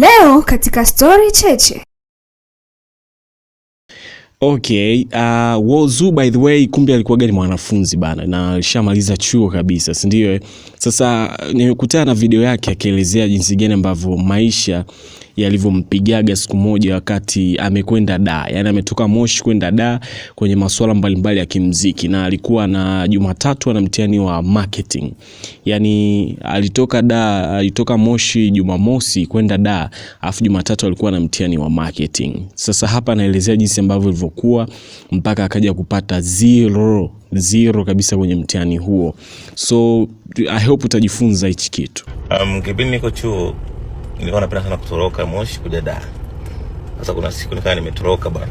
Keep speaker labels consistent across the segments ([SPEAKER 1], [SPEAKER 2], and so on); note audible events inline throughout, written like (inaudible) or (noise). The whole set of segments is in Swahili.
[SPEAKER 1] Leo katika Stori Cheche
[SPEAKER 2] Okay, uh, Wozu by the way kumbe alikuwa gani mwanafunzi bana na alishamaliza chuo kabisa, si ndio? Sasa uh, nimekutana na video yake akielezea jinsi gani ambavyo maisha yalivyompigaga siku moja wakati amekwenda da, yani ametoka Moshi kwenda da kwenye masuala mbalimbali ya kimziki, na alikuwa na Jumatatu ana mtihani wa marketing. Yani alitoka da, alitoka Moshi Jumamosi kwenda da, afu Jumatatu alikuwa na mtihani wa marketing. Sasa hapa anaelezea jinsi ambavyo alivyokuwa mpaka akaja kupata zero, zero kabisa kwenye mtihani huo. So I hope utajifunza hichi kitu.
[SPEAKER 3] Um, kipindi niko chuo nilikuwa napenda sana kutoroka Moshi kuja Dar. Sasa kuna siku nikawa nimetoroka bana.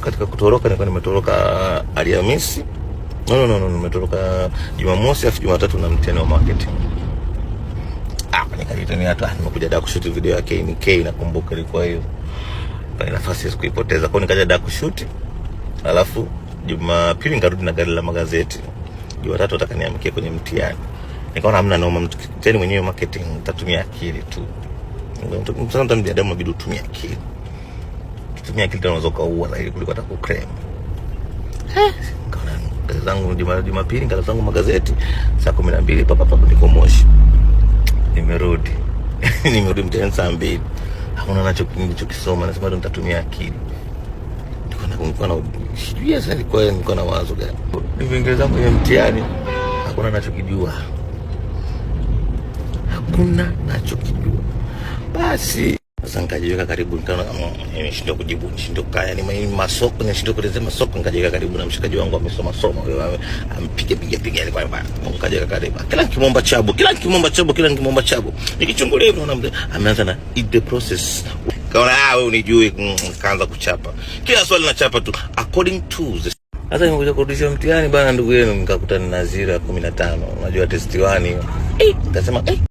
[SPEAKER 3] Katika kutoroka nilikuwa nimetoroka uh, Alhamisi. No, no, no, no, nimetoroka Jumamosi afu Jumatatu na mtihani wa marketing. Ah, nikajitania hata nimekuja Dar kushuti video ya KNK nakumbuka ilikuwa hiyo hapa nafasi ya kuipoteza. Kwa nikaja da kushuti, alafu Jumapili nikarudi na gari la magazeti. Jumatatu atakaniamkia kwenye mtihani. Nikaona hamna noma, tena mwenyewe marketing tatumia akili tu. Mtu mjadamu inabidi utumie akili. Ukitumia akili unaweza kuua zaidi kuliko hata kucram. Eh, nikaona zangu Jumapili, kazi zangu magazeti saa 12 papa papa niko Moshi. Nimerudi. (laughs) Nimerudi mtihani saa mbili hakuna nacho nilichokisoma, nasema ndo nitatumia akili. Nilikuwa na sijui sasa, nilikuwa nilikuwa na wazo gani Kiingereza kwenye mtihani, hakuna nachokijua, hakuna nachokijua basi sasa nikajiweka karibu, nikaona nimeshindwa kujibu, nishindwa kukaa, yani masoko nishindwa kuleza masoko. Nikajiweka karibu na mshikaji wangu amesoma soma, ampige piga piga, alikuwa yaani mbaya. Nikajiweka karibu, kila nikimwomba chabu, kila nikimwomba chabu, kila nikimwomba chabu, nikichungulia hivi naona ameanza na eat the process. Kaona ah, wewe unijui, mm, kaanza kuchapa kila swali na chapa tu according to the hata nimekuja kurudisha mtihani bana, ndugu yenu, nikakuta ni nazira 15 unajua test 1 eh, nikasema eh